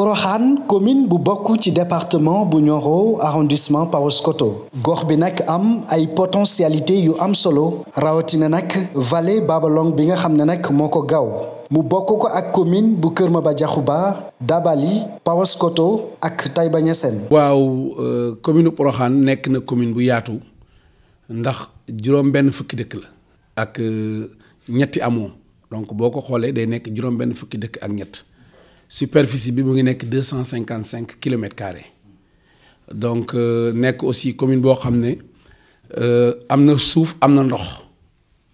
Porokhane commune bu bokk ci département bu Nioro arrondissement Paoskoto gox bi nag am ay potentialité yu am solo rawatina nag vallée Babalong bi nga xam ne nag moo ko gaaw mu bokk ko ak commune bu Kër ma ba jaxu ba Dabali Paoskoto ak Taïba Niassène waaw euh, commune Porokhane nekk na commune bu yaatu ndax juróom benn fukki dëkk la ak euh, ñetti amoo donc boo ko xoolee day nekk juróom benn fukki dëkk ak ñett superficie bi mu ngi nekk deux cent cinquante cinq kilomètres carrés donc euh, nekk aussi commune boo xam ne euh, am na suuf am na ndox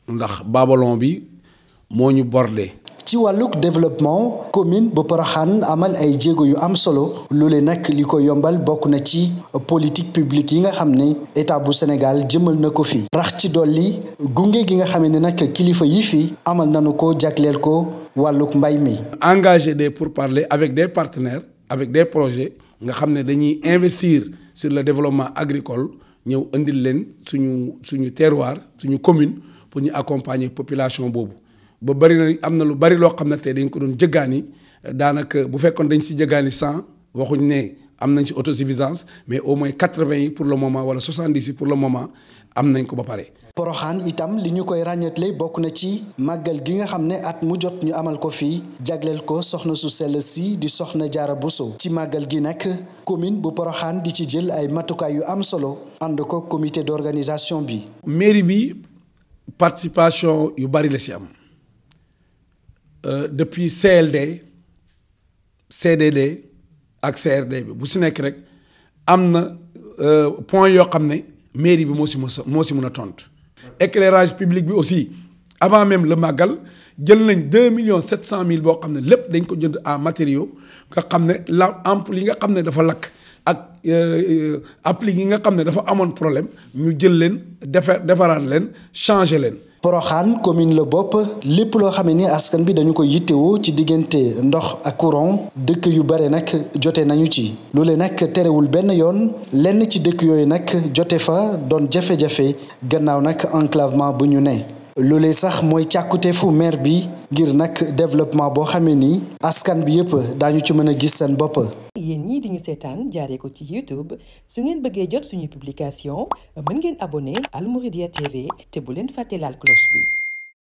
ndax Babalon bi moo ñu bordé ci wàlluk développement commune bu Porokhane amal ay jéego yu am solo loolee nag li ko yombal bokk na ci politique publique yi nga xam ne état bu Sénégal jëmal na ko fii rax ci dolli gunge gi nga xam ne nag kilifa yi fii amal nañu ko jagleel ko wàlluk mbay mi. engagé des pourparlers avec des partenaires avec des projets nga xam ne dañuy investir sur le développement agricole ñëw indil leen suñu suñu terroir suñu commune pour ñu accompagner population boobu. ba bari na am na lu bari loo xam ne tey dañ ko doon jëggaani daanaka bu fekkoon dañ si jëggaani cent waxuñ ne am nañ si suffisance mais au moins quatre-vingts yi pour le moment wala soixante-dix yi am nañ ko ba pare. Poroxaan itam li ñu koy ràññeetle bokk na ci màggal gi nga xam ne at mu jot ñu amal ko fii jagleel ko soxna su sell si di soxna Jaara Buso ci màggal gi nag commune bu Poroxaan di ci jël ay matukaay yu am solo ànd ko comité d'organisation bi. mairie bi participation yu bari la si am. Euh, depuis CLD CDD ak CRD bi bu si nekk rek am na euh, point yoo xam ne mairie bi moo si mos moo si mun a tontu. éclairage public bi aussi avant même le màggal jël nañ deux millions sept cent mille boo xam ne lépp dañ ko jënd en matériaux nga xam ne la ampoule yi nga xam ne dafa lakk ak euh, applique yi nga xam ne dafa amoon problème ñu jël leen defar defaraat leen changer leen. Poroxaan commune la bopp lépp loo xam ne ni askan bi dañu koy yittewoo ci diggante ndox ak courant dëkk yu bare nag jote nañu ci loole nag terewul benn yoon lenn ci dëkk yooyu nag jote fa doon jafe-jafe gannaaw nag enclavement bu ñu ne loolee sax mooy càkkuteefu maire bi ngir nag développement boo xamee ni askan bi yëpp daañu ci mën a gis seen bopp. yéen ñii di ñu seetaan jaaree ko ci YouTube su ngeen bëggee jot suñuy publication mën ngeen abonné Al Mouridiyyah TV te bu leen fàtte laal cloche bi.